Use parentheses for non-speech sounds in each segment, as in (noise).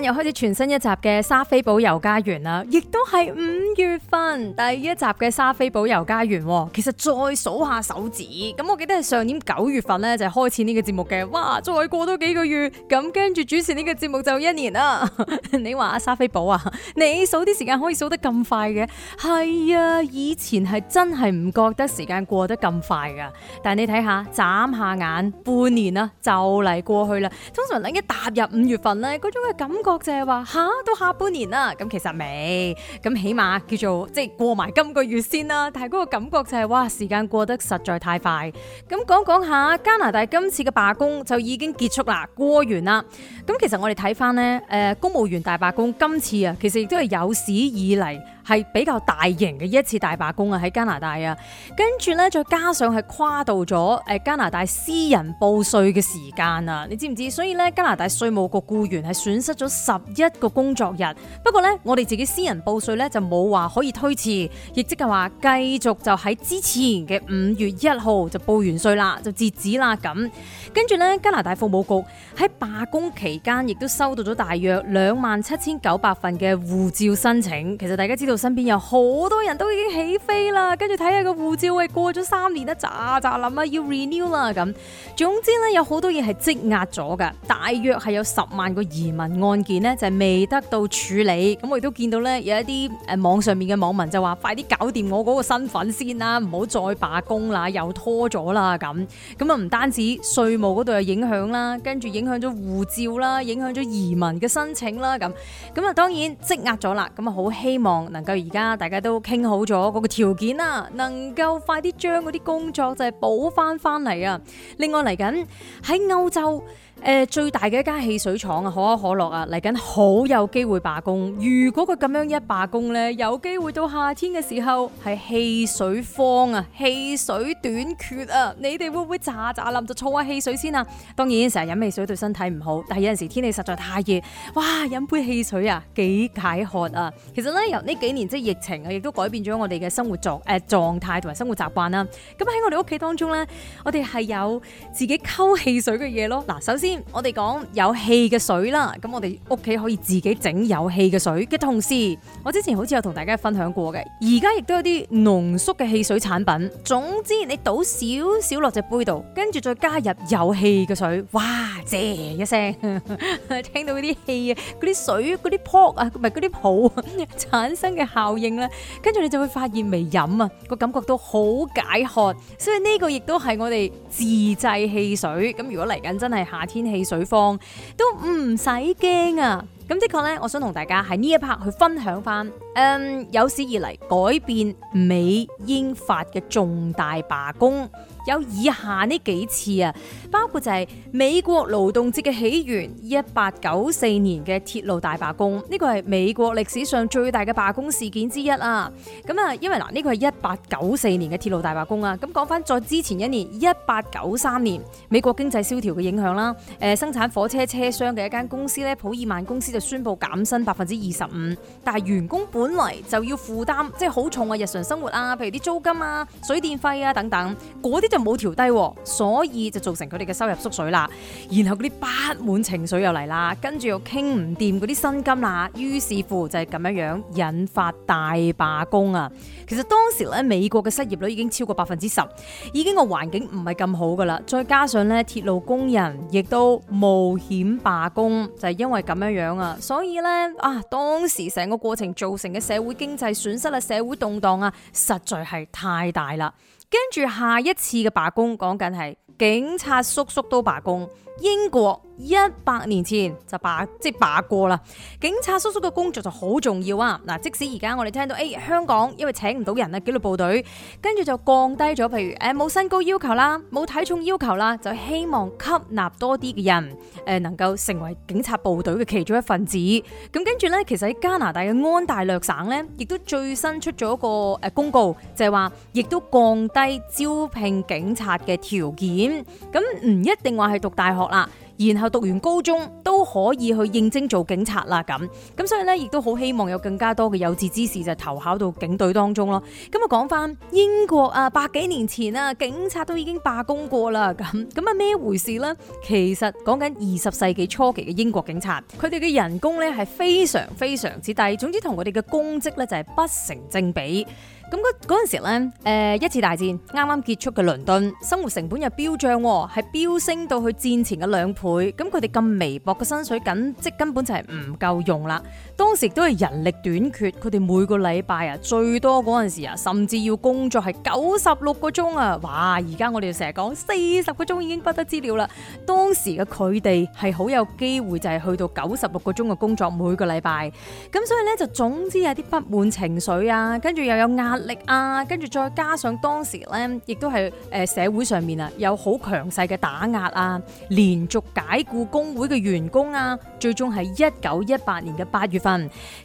又開始全新一集嘅《莎菲寶遊加園》啦，亦都係五月份第一集嘅《莎菲寶遊加園》。其實再數下手指，咁我記得係上年九月份呢，就開始呢個節目嘅。哇，再過多幾個月，咁跟住主持呢個節目就一年啦。 (laughs) 你話阿莎菲寶啊，你數啲時間可以數得咁快嘅？係啊，以前係真係唔覺得時間過得咁快噶。但係你睇下，眨下眼半年啦就嚟過去啦。通常咧一踏入五月份呢，嗰種嘅感覺感覺就係話吓，到下半年啦，咁其實未，咁起碼叫做即係過埋今個月先啦。但係嗰個感覺就係話，哇，時間過得實在太快。咁講講下加拿大今次嘅罷工就已經結束啦，過完啦。咁其實我哋睇翻呢，誒，公務員大罷工今次啊，其實亦都係有史以嚟，係比較大型嘅一次大罷工啊，喺加拿大啊，跟住咧再加上係跨度咗加拿大私人報稅嘅時間啊，你知唔知？所以咧加拿大稅務局僱員係損失咗十一個工作日。不過咧我哋自己私人報稅咧就冇話可以推遲，亦即係話繼續就喺之前嘅五月一號就報完稅啦，就截止啦咁。跟住咧加拿大服務局喺罷工期間亦都收到咗大約兩萬七千九百份嘅護照申請。其實大家知道。身邊有好多人都已經起飛啦，跟住睇下個護照喂過咗三年啦，咋咋諗啊要 renew 啦咁。總之咧有好多嘢係積壓咗噶，大約係有十萬個移民案件呢，就係未得到處理。咁我亦都見到咧有一啲誒網上面嘅網民就話：快啲搞掂我嗰個身份先啦，唔好再罷工啦，又拖咗啦咁。咁啊唔單止稅務嗰度有影響啦，跟住影響咗護照啦，影響咗移民嘅申請啦咁。咁啊當然積壓咗啦，咁啊好希望能夠而家大家都傾好咗嗰個條件啦，能夠快啲將嗰啲工作就係補翻翻嚟啊！另外嚟緊喺歐洲。誒最大嘅一間汽水廠啊，可口可樂啊嚟緊好有機會罷工。如果佢咁樣一罷工呢，有機會到夏天嘅時候係汽水荒啊，汽水短缺啊，你哋會唔會咋咋臨就儲下汽水先啊？當然成日飲汽水對身體唔好，但係有陣時天氣實在太熱，哇！飲杯汽水啊，幾解渴啊！其實呢，由呢幾年即係疫情啊，亦都改變咗我哋嘅生活狀誒、呃、狀態同埋生活習慣啦。咁喺我哋屋企當中呢，我哋係有自己溝汽水嘅嘢咯。嗱，首先。我哋講有氣嘅水啦，咁我哋屋企可以自己整有氣嘅水嘅。同時，我之前好似有同大家分享過嘅，而家亦都有啲濃縮嘅汽水產品。總之，你倒少少落隻杯度，跟住再加入有氣嘅水，哇！啫一聲，聽到嗰啲氣啊，嗰啲水，嗰啲泡啊，唔係嗰啲泡呵呵產生嘅效應啦。跟住你就會發現沒喝，未飲啊，個感覺都好解渴。所以呢個亦都係我哋自製汽水。咁如果嚟緊真係夏天，天氣水荒都唔使驚啊！咁的確咧，我想同大家喺呢一 part 去分享翻，嗯，有史以嚟改變美英法嘅重大罷工。有以下呢幾次啊，包括就係美國勞動節嘅起源，一八九四年嘅鐵路大罷工，呢個係美國歷史上最大嘅罷工事件之一啊。咁啊，因為嗱呢個係一八九四年嘅鐵路大罷工啊，咁講翻再之前一年一八九三年美國經濟蕭條嘅影響啦。誒生產火車車廂嘅一間公司咧，普爾曼公司就宣布減薪百分之二十五，但係員工本來就要負擔即係好重嘅日常生活啊，譬如啲租金啊、水電費啊等等嗰啲。就冇調低，所以就造成佢哋嘅收入縮水啦。然後嗰啲不滿情緒又嚟啦，跟住又傾唔掂嗰啲薪金啦。於是乎就係咁樣樣，引發大罷工啊！其實當時咧，美國嘅失業率已經超過百分之十，已經個環境唔係咁好噶啦。再加上咧，鐵路工人亦都冒險罷工，就係因為咁樣樣啊。所以咧啊，當時成個過程造成嘅社會經濟損失啊，社會動盪啊，實在係太大啦。跟住下一次嘅罷工，講緊係警察叔叔都罷工。英國一百年前就罷即係罷過啦，警察叔叔嘅工作就好重要啊！嗱，即使而家我哋聽到，哎，香港因為請唔到人啊，紀律部隊，跟住就降低咗，譬如，誒冇身高要求啦，冇體重要求啦，就希望吸納多啲嘅人，誒能夠成為警察部隊嘅其中一份子。咁跟住呢，其實喺加拿大嘅安大略省呢，亦都最新出咗個誒公告，就係話，亦都降低招聘警察嘅條件。咁唔一定話係讀大學。啦，然後讀完高中都可以去應徵做警察啦。咁咁，所以咧，亦都好希望有更加多嘅有志之士就投考到警隊當中咯。咁啊，講翻英國啊，百幾年前啊，警察都已經罷工過啦。咁咁啊，咩回事呢？其實講緊二十世紀初期嘅英國警察，佢哋嘅人工咧係非常非常之低，總之同佢哋嘅功績咧就係不成正比。咁嗰陣時咧、呃，一次大戰啱啱結束嘅倫敦，生活成本又飆漲，係飆升到去戰前嘅兩倍。咁佢哋咁微薄嘅薪水緊，即根本就係唔夠用啦。當時都係人力短缺，佢哋每個禮拜啊，最多嗰陣時啊，甚至要工作係九十六個鐘啊！哇，而家我哋成日講四十個鐘已經不得了啦。當時嘅佢哋係好有機會就係去到九十六個鐘嘅工作每個禮拜，咁所以咧就總之有啲不滿情緒啊，跟住又有壓力啊，跟住再加上當時咧亦都係誒社會上面啊有好強勢嘅打壓啊，連續解雇工會嘅員工啊，最終係一九一八年嘅八月份。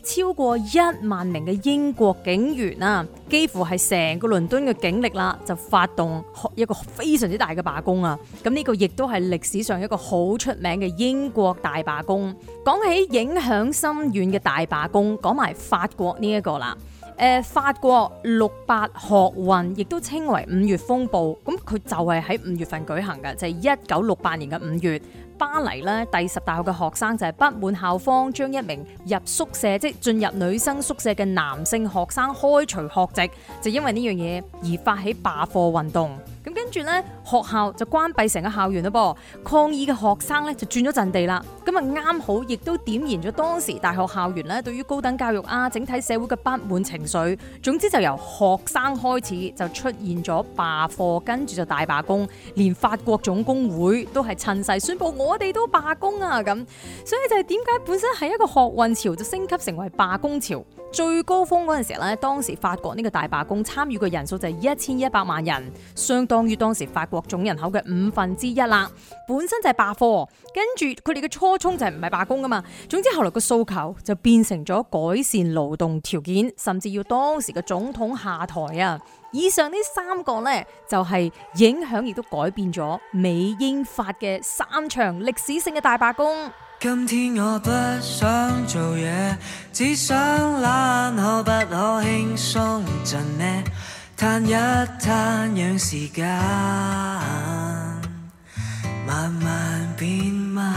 超過一萬名嘅英國警員啊，幾乎係成個倫敦嘅警力啦，就發動一個非常之大嘅罷工啊！咁呢個亦都係歷史上一個好出名嘅英國大罷工。講起影響深遠嘅大罷工，講埋法國呢、這、一個啦。誒、呃，法國六八學運亦都稱為五月風暴，咁佢就係喺五月份舉行嘅，就係一九六八年嘅五月。巴黎咧第十大學嘅學生就係不滿校方將一名入宿舍即進、就是、入女生宿舍嘅男性學生開除學籍，就因為呢樣嘢而發起罷課運動。跟住呢，學校就關閉成個校園咯噃。抗議嘅學生呢，就轉咗陣地啦。咁啊啱好，亦都點燃咗當時大學校園呢對於高等教育啊、整體社會嘅不滿情緒。總之就由學生開始就出現咗罷課，跟住就大罷工。連法國總工會都係趁勢宣佈，我哋都罷工啊！咁所以就係點解本身係一個學運潮，就升級成為罷工潮。最高峰嗰陣時候呢，當時法國呢個大罷工參與嘅人數就係一千一百萬人，相當於，當時法國總人口嘅五分之一啦，本身就係罷課，跟住佢哋嘅初衷就係唔係罷工㗎嘛。總之後來個訴求就變成咗改善勞動條件，甚至要當時嘅總統下台啊！以上呢三個呢，就係影響亦都改變咗美英法嘅三場歷史性嘅大罷工。今天我不想做嘢，只想懶，可不可輕鬆陣呢？嘆一嘆，讓時間慢慢變慢。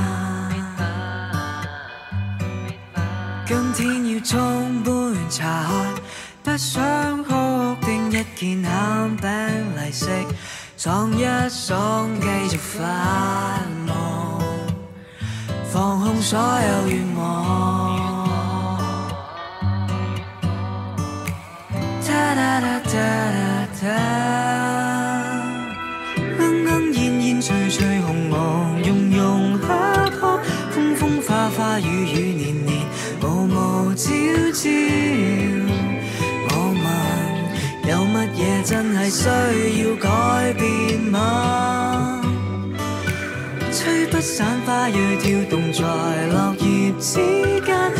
今天要沖杯茶，不想哭，哭，訂一件餡餅嚟食，爽一爽，繼續發夢，放空所有願望。噠噠噠噠噠噠，鶯鶯、燕燕、翠翠、紅紅、融融，洽洽，風風、花花、雨雨、年年、暮暮、朝朝。我問，有乜嘢真係需要改變嗎？吹不散花蕊跳動在落葉之間。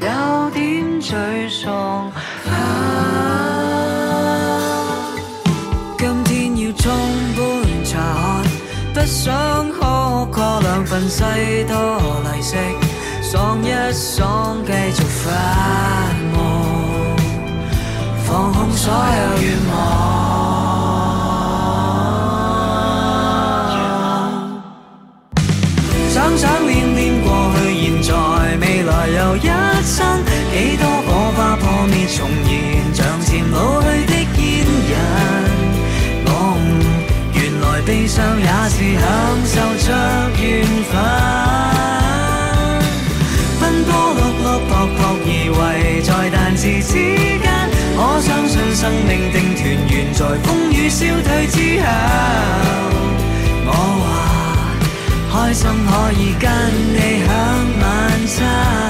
有點沮喪，啊！今天要沖杯茶喝，不想喝過兩份西多利式，爽一爽，繼續發夢，放空所有願望。是享受着緣分，分，奔波碌碌撲撲而為，在彈指之間，我相信生命定團圓在風雨消退之後。我話開心可以跟你享晚餐。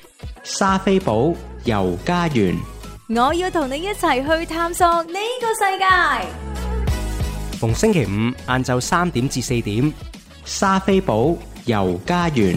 莎菲寶遊加園，我要同你一齊去探索呢個世界。逢星期五晏晝三點至四點，莎菲寶遊加園。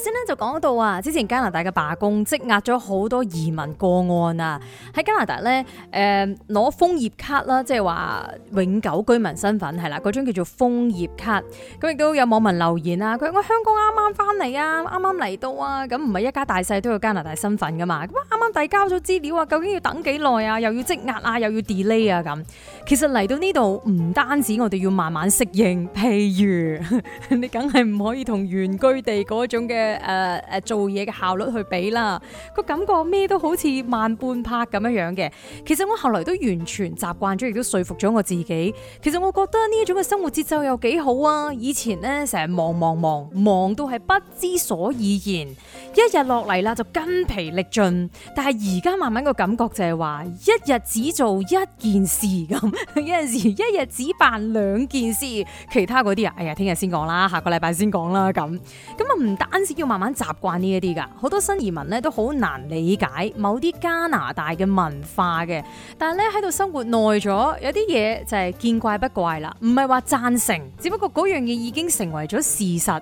先咧就講到啊，之前加拿大嘅罷工積壓咗好多移民個案啊。喺加拿大咧，誒攞楓葉卡啦，即係話永久居民身份係啦，嗰張叫做楓葉卡。咁亦都有網民留言他說剛剛啊，佢話香港啱啱翻嚟啊，啱啱嚟到啊，咁唔係一家大細都要加拿大身份噶嘛？咁啱啱遞交咗資料啊，究竟要等幾耐啊？又要積壓啊，又要 delay 啊咁。其實嚟到呢度唔單止我哋要慢慢適應，譬如 (laughs) 你梗係唔可以同原居地嗰種嘅。誒誒、呃呃，做嘢嘅效率去比啦，個感覺咩都好似慢半拍咁樣樣嘅。其實我後來都完全習慣咗，亦都說服咗我自己。其實我覺得呢一種嘅生活節奏又幾好啊！以前呢，成日忙忙忙，忙到係不知所以然，一日落嚟啦，就筋疲力盡。但係而家慢慢個感覺就係、是、話，一日只做一件事咁，有陣時一日只辦兩件事，其他嗰啲啊，哎呀，聽日先講啦，下個禮拜先講啦咁。咁啊唔單止要慢慢習慣呢一啲噶，好多新移民咧都好難理解某啲加拿大嘅文化嘅，但係咧喺度生活耐咗，有啲嘢就係見怪不怪啦，唔係話贊成，只不過嗰樣嘢已經成為咗事實。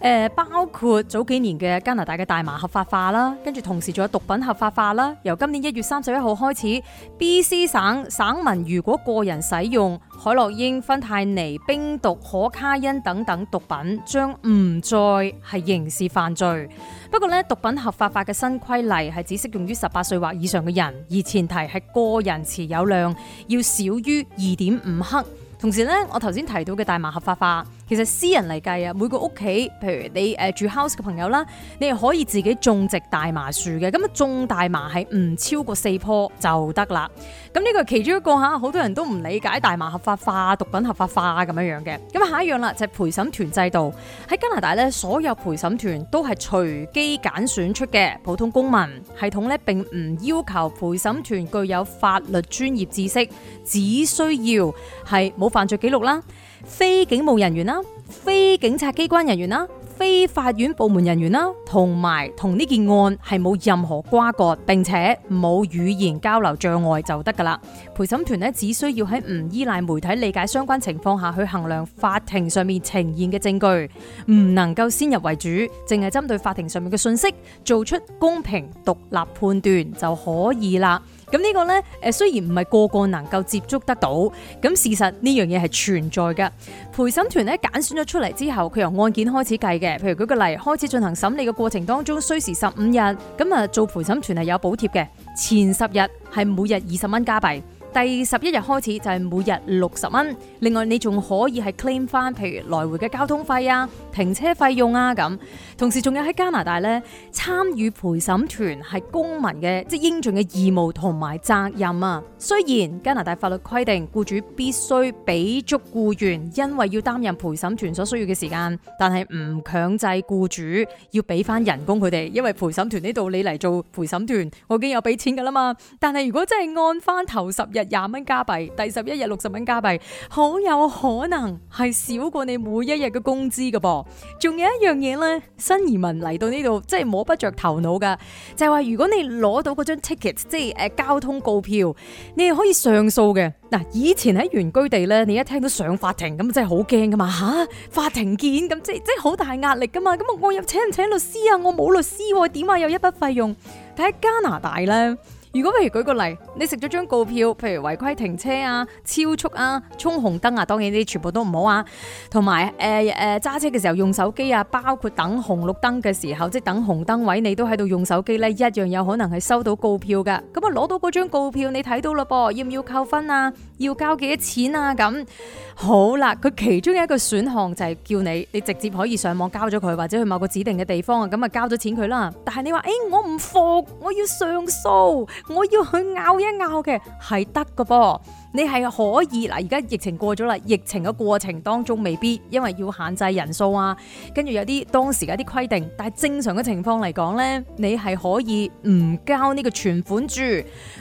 呃、包括早幾年嘅加拿大嘅大麻合法化啦，跟住同時仲有毒品合法化啦。由今年一月三十一號開始，BC 省省民如果個人使用海洛因、芬太尼、冰毒、可卡因等等毒品，將唔再係刑事犯罪。不過咧，毒品合法化嘅新規例係只適用於十八歲或以上嘅人，而前提係個人持有量要少於二點五克。同時咧，我頭先提到嘅大麻合法化。其實私人嚟計啊，每個屋企，譬如你誒住 house 嘅朋友啦，你係可以自己種植大麻樹嘅。咁啊種大麻係唔超過四棵就得啦。咁呢個其中一個嚇，好多人都唔理解大麻合法化，毒品合法化咁樣樣嘅。咁下一樣啦，就係陪審團制度喺加拿大咧，所有陪審團都係隨機揀選出嘅普通公民。系統咧並唔要求陪審團具有法律專業知識，只需要係冇犯罪記錄啦。非警務人員啦，非警察機關人員啦，非法院部門人員啦，同埋同呢件案係冇任何瓜葛，並且冇語言交流障礙就得㗎啦。陪審團呢，只需要喺唔依賴媒體理解相關情況下去衡量法庭上面呈現嘅證據，唔能夠先入為主，淨係針對法庭上面嘅信息做出公平獨立判斷就可以啦。咁呢個呢，誒雖然唔係個個能夠接觸得到，咁事實呢樣嘢係存在㗎。陪審團咧揀選咗出嚟之後，佢由案件開始計嘅。譬如舉個例，開始進行審理嘅過程當中，需時十五日，咁啊做陪審團係有補貼嘅，前十日係每日二十蚊加幣。第十一日開始就係每日六十蚊。另外你仲可以係 claim 翻，譬如來回嘅交通費啊、停車費用啊咁。同時仲有喺加拿大咧，參與陪審團係公民嘅即係應盡嘅義務同埋責任啊。雖然加拿大法律規定，僱主必須俾足僱員因為要擔任陪審團所需要嘅時間，但係唔強制僱主要俾翻人工佢哋，因為陪審團呢度你嚟做陪審團，我已經有俾錢噶啦嘛。但係如果真係按翻頭十日。廿蚊加幣，第十一日六十蚊加幣，好有可能係少過你每一日嘅工資噶噃。仲有一樣嘢咧，新移民嚟到呢度即係摸不着頭腦噶，就係話如果你攞到嗰張 ticket，即係誒交通告票，你係可以上訴嘅。嗱，以前喺原居地咧，你一聽到上法庭咁，真係好驚噶嘛吓，法庭見咁，即係即係好大壓力噶嘛。咁我又請唔請律師啊？我冇律師，點解有一筆費用？但喺加拿大咧。如果譬如舉個例，你食咗張告票，譬如違規停車啊、超速啊、衝紅燈啊，當然呢啲全部都唔好啊。同埋誒誒揸車嘅時候用手機啊，包括等紅綠燈嘅時候，即係等紅燈位，你都喺度用手機呢，一樣有可能係收到告票噶。咁啊，攞到嗰張告票，你睇到嘞噃，要唔要扣分啊？要交幾多錢啊？咁好啦，佢其中有一個選項就係叫你，你直接可以上網交咗佢，或者去某個指定嘅地方啊，咁啊交咗錢佢啦。但係你話誒、欸，我唔服，我要上訴。我要去拗一拗嘅係得㗎噃，你係可以嗱。而家疫情過咗啦，疫情嘅過程當中未必，因為要限制人數啊，跟住有啲當時嘅啲規定。但係正常嘅情況嚟講呢，你係可以唔交呢個存款住。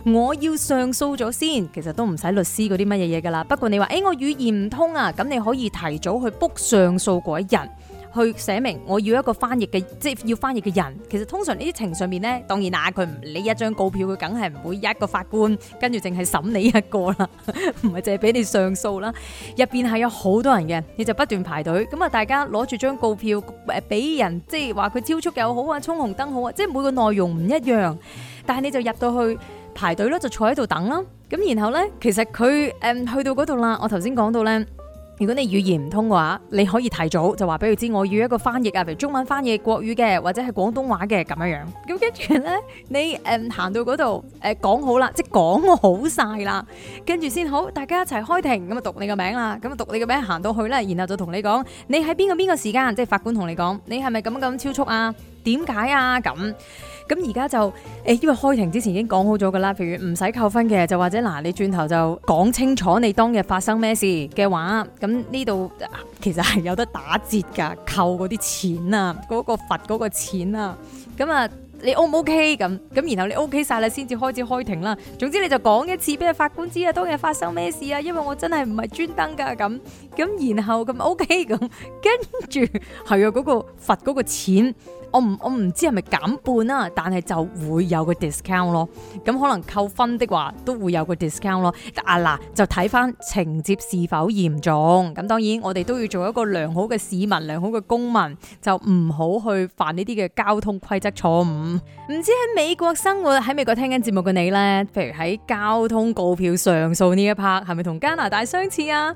我要上訴咗先，其實都唔使律師嗰啲乜嘢嘢㗎喇。不過你話，誒、欸，我語言唔通啊，咁你可以提早去 book 上訴嗰一日。去寫明我要一個翻譯嘅，即係要翻譯嘅人。其實通常呢啲庭上面咧，當然啦，佢唔理你一張告票，佢梗係唔會一個法官跟住淨係審你一個啦，唔係淨係俾你上訴啦。入邊係有好多人嘅，你就不斷排隊。咁啊，大家攞住張告票誒，俾人即係話佢超速又好啊，衝紅燈好啊，即係每個內容唔一樣。但係你就入到去排隊咯，就坐喺度等啦。咁然後咧，其實佢誒去到嗰度啦，我頭先講到咧。如果你語言唔通嘅話，你可以提早就話俾佢知，我要一個翻譯啊，譬如中文翻譯國語嘅，或者係廣東話嘅咁樣樣。咁跟住咧，你誒行、嗯、到嗰度誒講好啦，即係講好晒啦，跟住先好，大家一齊開庭咁啊讀你個名啦，咁啊讀你個名行到去咧，然後就同你講，你喺邊個邊個時間，即係法官同你講，你係咪咁咁超速啊？點解啊？咁。咁而家就誒，因為開庭之前已經講好咗噶啦，譬如唔使扣分嘅，就或者嗱，你轉頭就講清楚你當日發生咩事嘅話，咁呢度其實係有得打折噶，扣嗰啲錢啊，嗰、嗰個罰嗰個錢啊，咁啊、OK，你 O 唔 O K 咁？咁然後你 O K 晒啦，先至開始開庭啦。總之你就講一次俾阿法官知啊，當日發生咩事啊？因為我真係唔係專登噶，咁咁然後咁 O K 咁，OK, 跟住係啊，嗰個罰嗰個錢。我唔我唔知係咪減半啦，但係就會有個 discount 咯。咁可能扣分的話都會有個 discount 咯。啊嗱，就睇返情節是否嚴重。咁當然我哋都要做一個良好嘅市民、良好嘅公民，就唔好去犯呢啲嘅交通規則錯誤。唔知喺美國生活、喺美國聽緊節目嘅你呢？譬如喺交通告票上訴呢一 part，係咪同加拿大相似啊？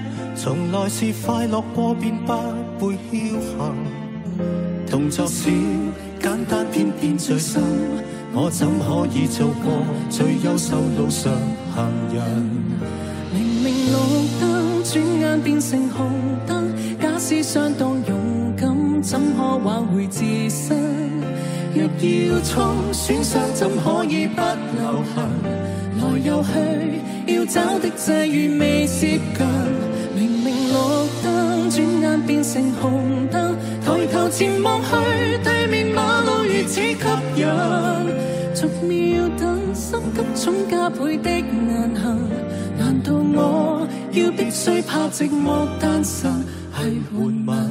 從來是快樂過便不會僥倖，動作小簡單偏偏最深。我怎可以做過最優秀路上行人？明明綠燈，轉眼變成紅燈。假使相當勇敢，怎可挽回自身？若要衝，損傷怎可以不留痕？來又去，要找的際遇未接近。綠燈轉眼變成紅燈，抬頭前望去，對面馬路如此吸引。逐秒等，心急總加倍的難行。難道我要必須怕寂寞單身係緩慢。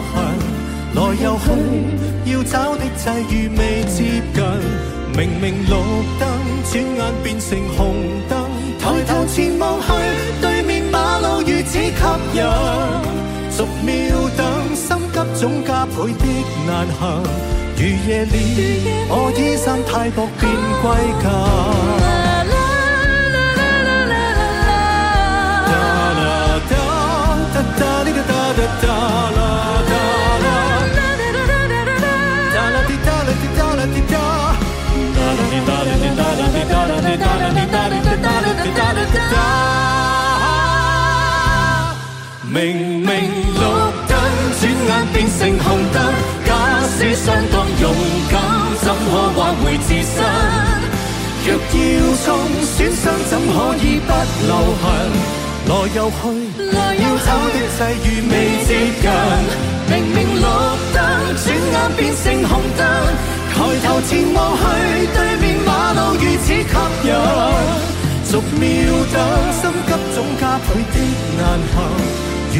來又去，要找的際遇未接近。明明綠燈，轉眼變成紅燈。抬頭前望去，對面馬路如此吸引。逐秒等，心急總加倍的難行。如夜裏，我衣衫太薄，便歸家。相當勇敢，怎可挽回自身？若要從損傷，怎可以不留痕？來又去，來又走的際遇未接近。明明綠燈，轉眼變成紅燈。抬頭前望去，對面馬路如此吸引。逐秒等，心急總加倍的難行。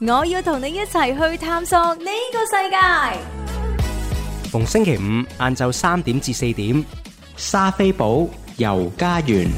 我要同你一齊去探索呢個世界。逢星期五晏晝三點至四點，莎菲寶遊加園。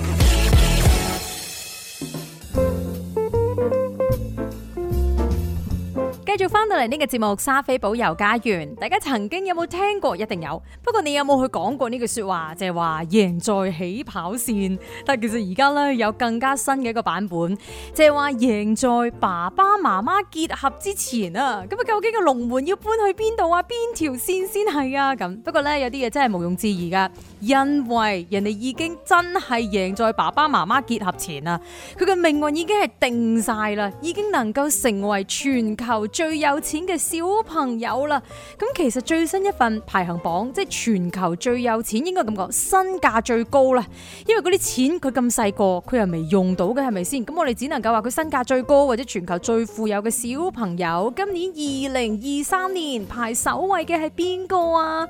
翻到嚟呢個節目《莎菲寶遊加園》，大家曾經有冇聽過？一定有。不過你有冇去講過呢句說話，就係話贏在起跑線？但係其實而家咧有更加新嘅一個版本，就係話贏在爸爸媽媽結合之前啊！咁啊，究竟個龍門要搬去邊度啊？邊條線先係啊？咁不過呢，有啲嘢真係毋庸置疑噶，因為人哋已經真係贏在爸爸媽媽結合前啊！佢嘅命運已經係定晒啦，已經能夠成為全球最有。有錢嘅小朋友啦，咁其實最新一份排行榜，即係全球最有錢，應該咁講，身價最高啦，因為嗰啲錢佢咁細個，佢又未用到嘅，係咪先？咁我哋只能夠話佢身價最高或者全球最富有嘅小朋友，今年二零二三年排首位嘅係邊個啊？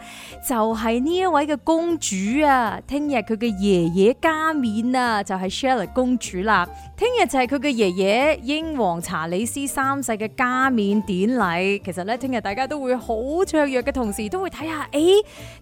就係呢一位嘅公主啊！聽日佢嘅爺爺加冕啊，就係 Charlotte 公主啦。聽日就係佢嘅爺爺英皇查理斯三世嘅加冕典。禮。其實咧，聽日大家都會好雀躍嘅，同時都會睇下，誒、欸，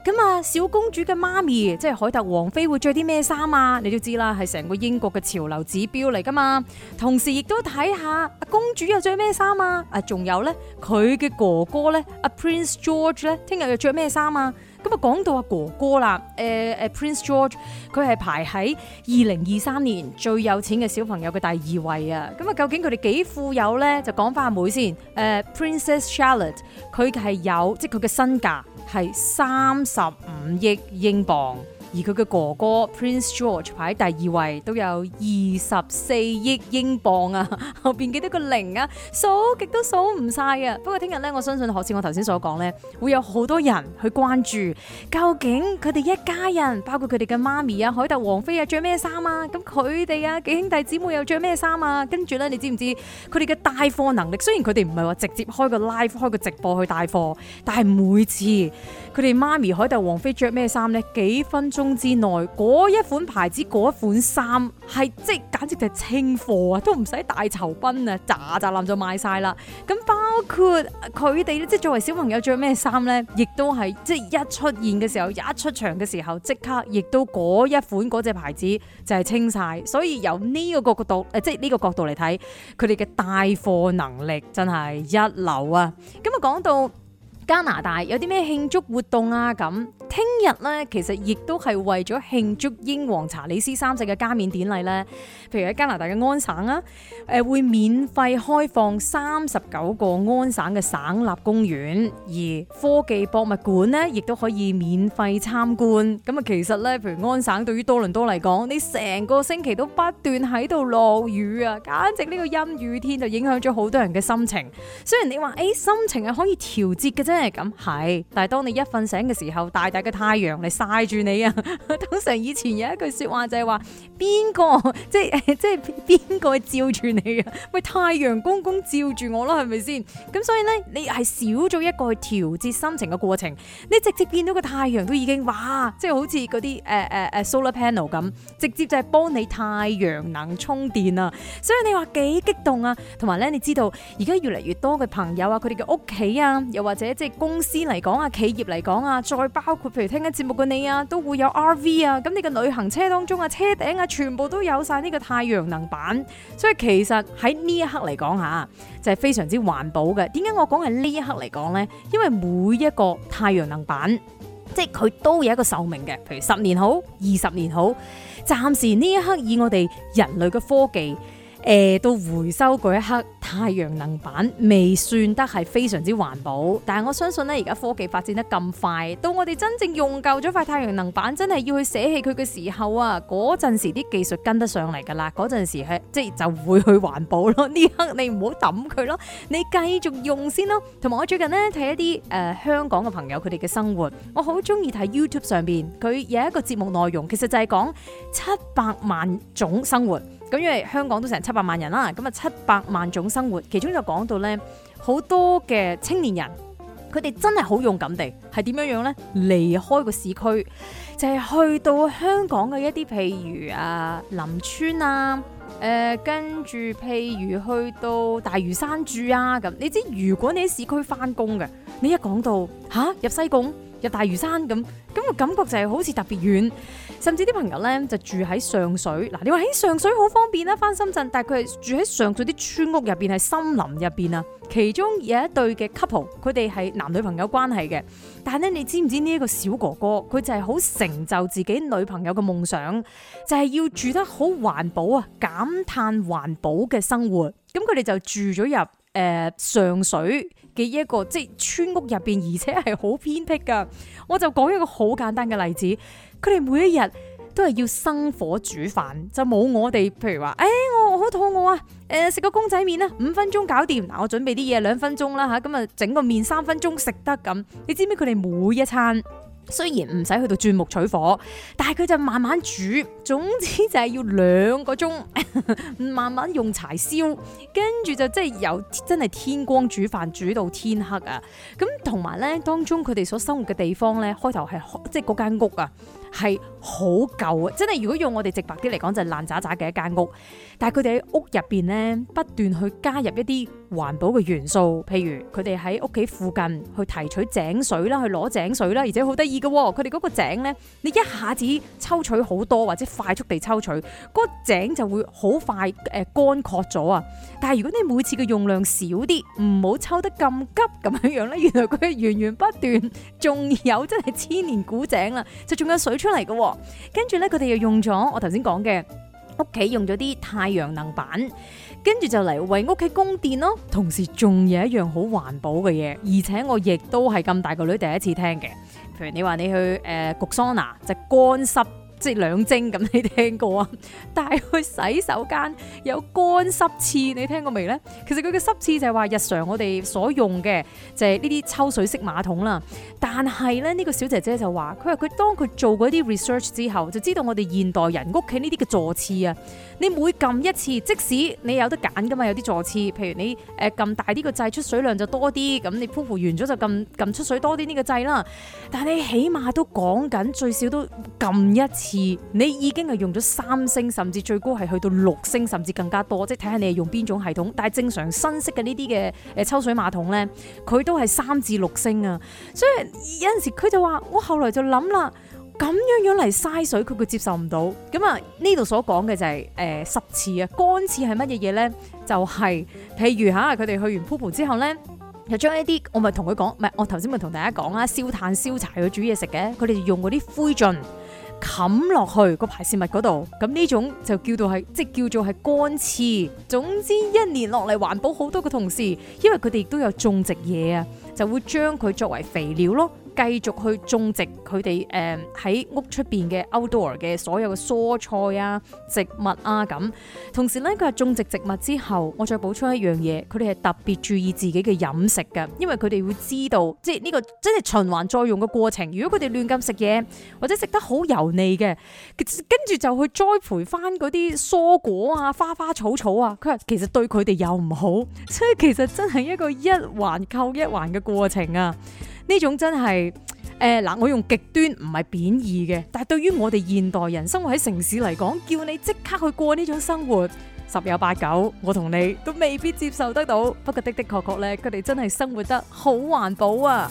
咁啊，小公主嘅媽咪，即係凱特王妃會着啲咩衫啊？你都知啦，係成個英國嘅潮流指標嚟噶嘛。同時亦都睇下，阿公主又着咩衫啊？哥哥啊，仲有咧，佢嘅哥哥咧，阿 Prince George 咧，聽日又着咩衫啊？咁啊，講到阿哥哥啦，誒、呃、誒，Prince George，佢係排喺二零二三年最有錢嘅小朋友嘅第二位啊。咁啊，究竟佢哋幾富有咧？就講翻阿妹先，誒、呃，Princess Charlotte，佢係有，即係佢嘅身價係三十五億英鎊。而佢嘅哥哥 Prince George 排喺第二位，都有二十四億英鎊啊！後邊幾多個零啊？數極都數唔晒啊！不過聽日咧，我相信好似我頭先所講咧，會有好多人去關注，究竟佢哋一家人，包括佢哋嘅媽咪啊、凱特王妃啊，着咩衫啊？咁佢哋啊，幾兄弟姊妹又着咩衫啊？跟住咧，你知唔知佢哋嘅帶貨能力？雖然佢哋唔係話直接開個 live、開個直播去帶貨，但係每次佢哋媽咪、凱特王妃着咩衫咧，幾分？中之內嗰一款牌子嗰一款衫，係即係簡直就係清貨啊，都唔使大酬賓啊，咋咋冧就賣晒啦。咁包括佢哋咧，即係作為小朋友着咩衫呢，亦都係即係一出現嘅時候，一出場嘅時候即刻，亦都嗰一款嗰隻牌子就係清晒。所以由呢個角度誒，即係呢個角度嚟睇，佢哋嘅帶貨能力真係一流啊！咁啊，講到加拿大有啲咩慶祝活動啊咁。聽日咧，其實亦都係為咗慶祝英皇查理斯三世嘅加冕典禮咧。譬如喺加拿大嘅安省啊，誒會免費開放三十九個安省嘅省立公園，而科技博物館呢，亦都可以免費參觀。咁啊，其實咧，譬如安省對於多倫多嚟講，你成個星期都不斷喺度落雨啊，簡直呢個陰雨天就影響咗好多人嘅心情。雖然你話誒、欸、心情係可以調節嘅，啫，係咁係，但係當你一瞓醒嘅時候，大嘅太陽嚟晒住你啊！通常以前有一句說話就係話邊個即係即係邊個照住你啊？喂，太陽公公照住我啦，係咪先？咁所以咧，你係少咗一個去調節心情嘅過程。你直接變到個太陽都已經哇，即係好似啲誒誒誒 solar panel 咁，直接就係幫你太陽能充電啊！所以你話幾激動啊？同埋咧，你知道而家越嚟越多嘅朋友啊，佢哋嘅屋企啊，又或者即係公司嚟講啊，企業嚟講啊，再包括。譬如聽緊節目嘅你啊，都會有 RV 啊，咁你嘅旅行車當中啊，車頂啊，全部都有晒呢個太陽能板，所以其實喺呢一刻嚟講吓，就係非常之環保嘅。點解我講係呢一刻嚟講呢？因為每一個太陽能板，即係佢都有一個壽命嘅，譬如十年好，二十年好。暫時呢一刻以我哋人類嘅科技。誒、呃，到回收嗰一刻，太陽能板未算得係非常之環保。但係我相信呢，而家科技發展得咁快，到我哋真正用夠咗塊太陽能板，真係要去捨棄佢嘅時候啊，嗰陣時啲技術跟得上嚟噶啦，嗰陣時去即係就會去環保咯。呢刻你唔好抌佢咯，你繼續用先咯。同埋我最近呢睇一啲誒、呃、香港嘅朋友佢哋嘅生活，我好中意睇 YouTube 上邊，佢有一個節目內容，其實就係講七百萬種生活。咁因為香港都成七百萬人啦，咁啊七百萬種生活，其中就講到咧好多嘅青年人，佢哋真係好勇敢地係點樣樣咧離開個市區，就係、是、去到香港嘅一啲譬如啊林村啊，誒跟住譬如去到大嶼山住啊咁。你知如果你喺市區返工嘅，你一講到嚇、啊、入西貢、入大嶼山咁，咁個感覺就係好似特別遠。甚至啲朋友咧就住喺上水嗱，你話喺上水好方便啦，返深圳，但係佢係住喺上水啲村屋入邊，係森林入邊啊。其中有一對嘅 couple，佢哋係男女朋友關係嘅，但係咧，你知唔知呢一個小哥哥，佢就係好成就自己女朋友嘅夢想，就係、是、要住得好環保啊，減碳環保嘅生活。咁佢哋就住咗入誒、呃、上水嘅一個即係、就是、村屋入邊，而且係好偏僻噶。我就講一個好簡單嘅例子。佢哋每一日都係要生火煮飯，就冇我哋，譬如話，誒、欸，我好肚餓啊，誒、呃，食個公仔麵啦，五分鐘搞掂，嗱，我準備啲嘢兩分鐘啦吓，咁啊，整個麵三分鐘食得咁。你知唔知佢哋每一餐雖然唔使去到鑽木取火，但係佢就慢慢煮，總之就係要兩個鐘，慢慢用柴燒，跟住就即係由真係天光煮飯煮到天黑啊！咁同埋咧，當中佢哋所生活嘅地方咧，開頭係即係嗰間屋啊。係好舊啊！真係，如果用我哋直白啲嚟講，就係爛渣渣嘅一間屋。但係佢哋喺屋入邊咧，不斷去加入一啲環保嘅元素，譬如佢哋喺屋企附近去提取井水啦，去攞井水啦，而且好得意嘅，佢哋嗰個井呢，你一下子抽取好多或者快速地抽取，嗰、嗰個井就會好快誒乾涸咗啊！但係如果你每次嘅用量少啲，唔好抽得咁急咁樣樣呢，原來佢係源源不斷，仲有真係千年古井啦，就仲有水出嚟嘅。跟住呢，佢哋又用咗我頭先講嘅屋企用咗啲太陽能板。跟住就嚟為屋企供電咯，同時仲有一樣好環保嘅嘢，而且我亦都係咁大個女第一次聽嘅。譬如你話你去誒焗桑拿，即係乾濕。即係兩蒸咁，你聽過啊？但係去洗手間有乾濕廁，你聽過未呢？其實佢嘅濕廁就係話日常我哋所用嘅就係呢啲抽水式馬桶啦。但係咧，呢、呢個小姐姐就話，佢話佢當佢做過一啲 research 之後，就知道我哋現代人屋企呢啲嘅坐廁啊，你每撳一次，即使你有得揀㗎嘛，有啲坐廁，譬如你誒撳大啲個掣，出水量就多啲，咁你鋪糊完咗就撳撳出水多啲呢個掣啦。但係你起碼都講緊最少都撳一次。次你已經係用咗三星，甚至最高係去到六星，甚至更加多，即係睇下你係用邊種系統。但係正常新式嘅呢啲嘅誒抽水馬桶咧，佢都係三至六星啊。所以有陣時佢就話，我後來就諗啦，咁樣樣嚟嘥水，佢佢接受唔到。咁啊、就是，呃、次次是什麼呢度所講嘅就係誒濕廁啊，乾廁係乜嘢嘢咧？就係、是、譬如吓，佢哋去完 poo poo 之後咧，就將一啲我咪同佢講，唔係我頭先咪同大家講啦，燒炭燒柴去煮嘢食嘅，佢哋用嗰啲灰燼。冚落去個排泄物嗰度，咁呢種就叫做係，即叫做係乾廁。總之一年落嚟環保好多嘅同事，因為佢哋亦都有種植嘢啊，就會將佢作為肥料咯。繼續去種植佢哋誒喺屋出邊嘅 outdoor 嘅所有嘅蔬菜啊、植物啊咁。同時呢，佢係種植植物之後，我再補充一樣嘢，佢哋係特別注意自己嘅飲食嘅，因為佢哋會知道，即係呢個即係循環再用嘅過程。如果佢哋亂咁食嘢，或者食得好油膩嘅，跟住就去栽培翻嗰啲蔬果啊、花花草草啊，佢話其實對佢哋又唔好，即係其實真係一個一環扣一環嘅過程啊。呢種真係誒，嗱，我用極端唔係貶義嘅，但係對於我哋現代人生活喺城市嚟講，叫你即刻去過呢種生活，十有八九我同你都未必接受得到。不過的的確確咧，佢哋真係生活得好環保啊！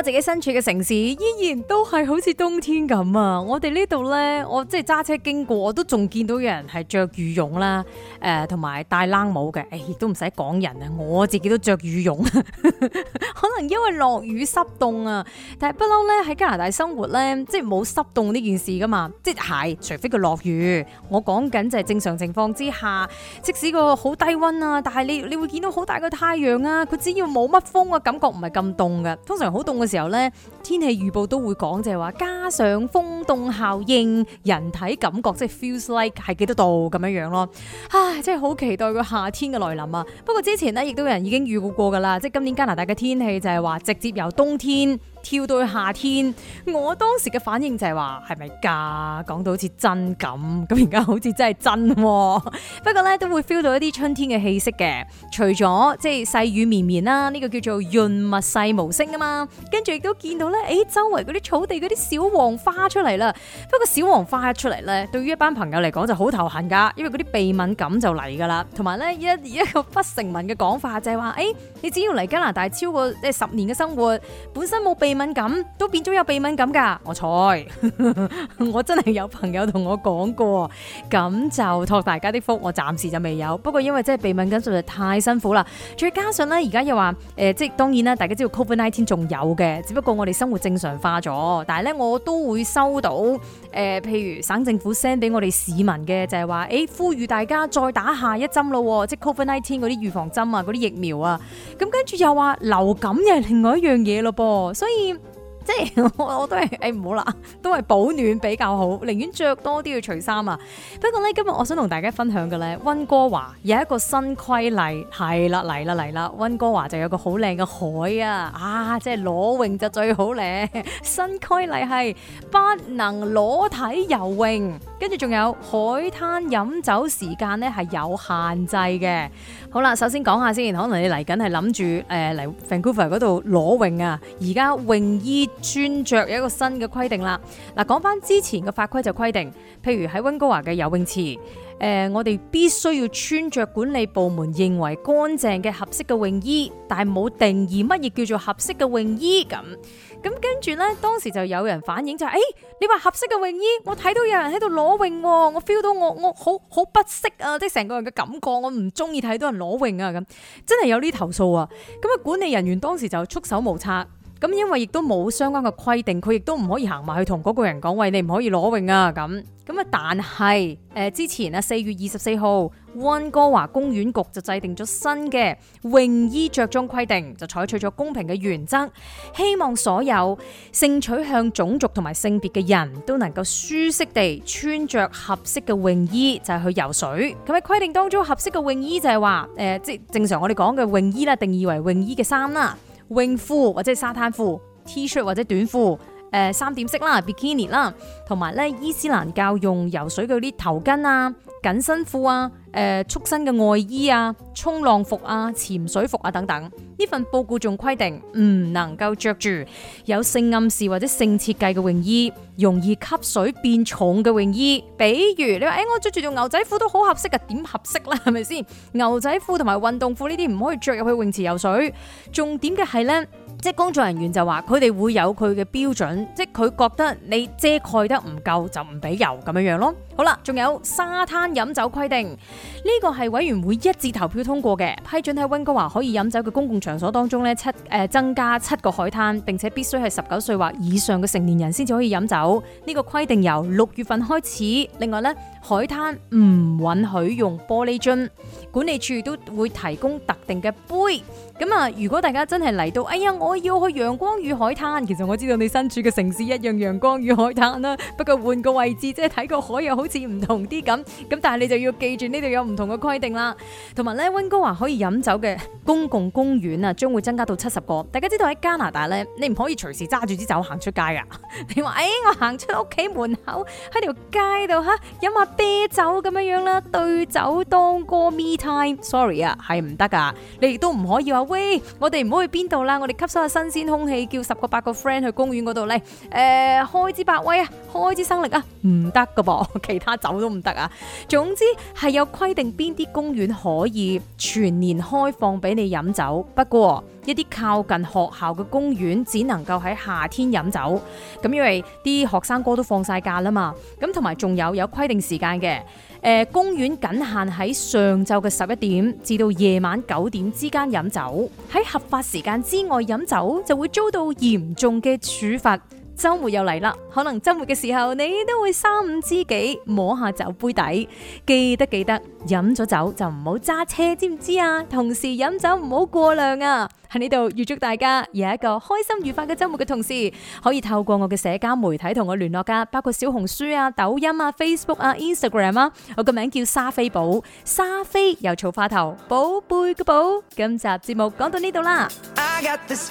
我自己身處嘅城市依然都係好似冬天咁啊！我哋呢度咧，我即係揸車經過，我都仲見到有人係着羽絨啦，誒、呃，同埋戴冷帽嘅。誒、欸，亦都唔使講人啊，我自己都着羽絨。 (laughs) 可能因為落雨濕凍啊，但係不嬲咧，喺加拿大生活咧，即係冇濕凍呢件事噶嘛。即係，除非佢落雨。我講緊就係正常情況之下，即使個好低溫啊，但係你你會見到好大個太陽啊。佢只要冇乜風啊，感覺唔係咁凍嘅。通常好凍嘅。時候咧，天氣預報都會講，就係話加上風凍效應，人體感覺即係 feels like 係幾多度咁樣樣咯。唉，真係好期待個夏天嘅來臨啊！不過之前咧，亦都有人已經預估過噶啦，即係今年加拿大嘅天氣就係話直接由冬天。跳到去夏天，我當時嘅反應就係話：係咪㗎？講到好似真咁，咁而家好似真係真喎。不過咧，都會 feel 到一啲春天嘅氣息嘅。除咗即係細雨綿綿啦，呢個叫做潤物細無聲啊嘛。跟住亦都見到咧，誒周圍嗰啲草地嗰啲小黃花出嚟啦。不過小黃花一出嚟咧，對於一班朋友嚟講就好頭痕噶，因為嗰啲鼻敏感就嚟㗎啦。同埋咧，一一個不成文嘅講法就係話：誒，你只要嚟加拿大超過即係十年嘅生活，本身冇鼻鼻敏感都變咗有鼻敏感㗎，我彩，我真係有朋友同我講過，咁就託大家的福，我暫時就未有。不過因為即係鼻敏感實在太辛苦啦，再加上咧而家又話，誒、呃，即係當然啦，大家知道 Covid nineteen 仲有嘅，只不過我哋生活正常化咗。但係咧我都會收到，誒、呃，譬如省政府 send 俾我哋市民嘅，就係、是、話，誒、欸，呼籲大家再打下一針咯，即係 Covid nineteen 嗰啲預防針啊，嗰啲疫苗啊。咁跟住又話流感又係另外一樣嘢咯噃，所以。即係我我都係，誒唔好啦，都係保暖比較好，寧願着多啲去除衫啊。不過呢今日我想同大家分享嘅呢，溫哥華有一個新規例，係啦嚟啦嚟啦，溫哥華就有個好靚嘅海啊，啊即係裸泳就最好靚，新規例係不能裸體游泳。跟住仲有海灘飲酒時間咧係有限制嘅。好啦，首先講下先，可能你嚟緊係諗住誒嚟 Vancouver 嗰度裸泳啊，而家泳衣穿着有一個新嘅規定啦。嗱，講翻之前嘅法規就規定，譬如喺溫哥華嘅游泳池，誒、呃、我哋必須要穿著管理部門認為乾淨嘅合適嘅泳衣，但係冇定義乜嘢叫做合適嘅泳衣咁。咁跟住咧，當時就有人反映就係、哎，你話合適嘅泳衣，我睇到有人喺度裸泳喎，我 feel 到我我好好不適啊，即成個人嘅感覺，我唔中意睇到人裸泳啊，咁真係有啲投訴啊，咁啊管理人員當時就束手無策。咁因為亦都冇相關嘅規定，佢亦都唔可以行埋去同嗰個人講，喂，你唔可以攞泳啊！咁咁啊，但係、呃、之前啊，四月二十四號，溫哥華公園局就制定咗新嘅泳衣着裝規定，就採取咗公平嘅原則，希望所有性取向、種族同埋性別嘅人都能夠舒適地穿着合適嘅泳衣就係去游水。咁喺規定當中合適嘅泳衣就係話呃，即正常我哋講嘅泳衣啦，定義為泳衣嘅衫啦。泳褲或者沙灘褲、T 恤或者短褲。Shirt，我在誒、呃、三點式啦、Bikini 啦，同埋咧伊斯蘭教用游水嗰啲頭巾啊、緊身褲啊、誒、呃、束身嘅外衣啊、衝浪服啊、潛水服啊等等。呢份報告仲規定唔能夠着住有性暗示或者性設計嘅泳衣，容易吸水變重嘅泳衣。比如你話誒、哎，我着住條牛仔褲都好合適啊，點合適啦？係咪先？牛仔褲同埋運動褲呢啲唔可以着入去泳池游水。重點嘅係咧。即係工作人員就話佢哋會有佢嘅標準，即係佢覺得你遮蓋得唔夠就唔俾游，咁樣樣咯。好了。好啦，仲有沙灘飲酒規定，呢個係委員會一致投票通過嘅批准喺溫哥華可以飲酒嘅公共場所當中咧七誒、呃、增加七個海灘，並且必須係十九歲或以上嘅成年人先至可以飲酒。呢個規定由六月份開始。另外咧，海灘唔允許用玻璃樽，管理處都會提供特定嘅杯。咁啊，如果大家真係嚟到，哎呀我～我要去陽光與海灘，其實我知道你身處嘅城市一樣陽光與海灘啦，不過換個位置即係睇個海又好似唔同啲咁，咁但係你就要記住呢度有唔同嘅規定啦。同埋呢，溫哥華可以飲酒嘅公共公園啊，將會增加到七十個。大家知道喺加拿大呢，你唔可以隨時揸住支酒行出街噶。你話誒，我行出屋企門口喺條街度吓飲下啤酒咁樣樣啦，對酒當歌 me time。Sorry 啊，係唔得噶，你亦都唔可以話喂，我哋唔好去邊度啦，我哋吸收。新鮮空氣，叫十個八個 friend 去公園嗰度咧，誒、呃，開支百威啊，開支生力啊，唔得㗎噃，其他酒都唔得啊。總之係有規定邊啲公園可以全年開放俾你飲酒，不過。一啲靠近學校嘅公園，只能夠喺夏天飲酒，咁因為啲學生哥都放晒假啦嘛，咁同埋仲有有規定時間嘅，誒，公園僅限喺上晝嘅十一點至到夜晚九點之間飲酒，喺合法時間之外飲酒就會遭到嚴重嘅處罰。周末又嚟啦，可能周末嘅時候你都會三五知己摸下酒杯底，記得記得飲咗酒就唔好揸車，知唔知啊？同時飲酒唔好過量啊！喺呢度預祝大家有一個開心愉快嘅周末嘅同時，可以透過我嘅社交媒體同我聯絡㗎、啊，包括小紅書啊、抖音啊、Facebook 啊、Instagram 啊。我個名叫莎菲寶，沙菲又草花頭，寶貝個寶。今集節目講到呢度啦。I got this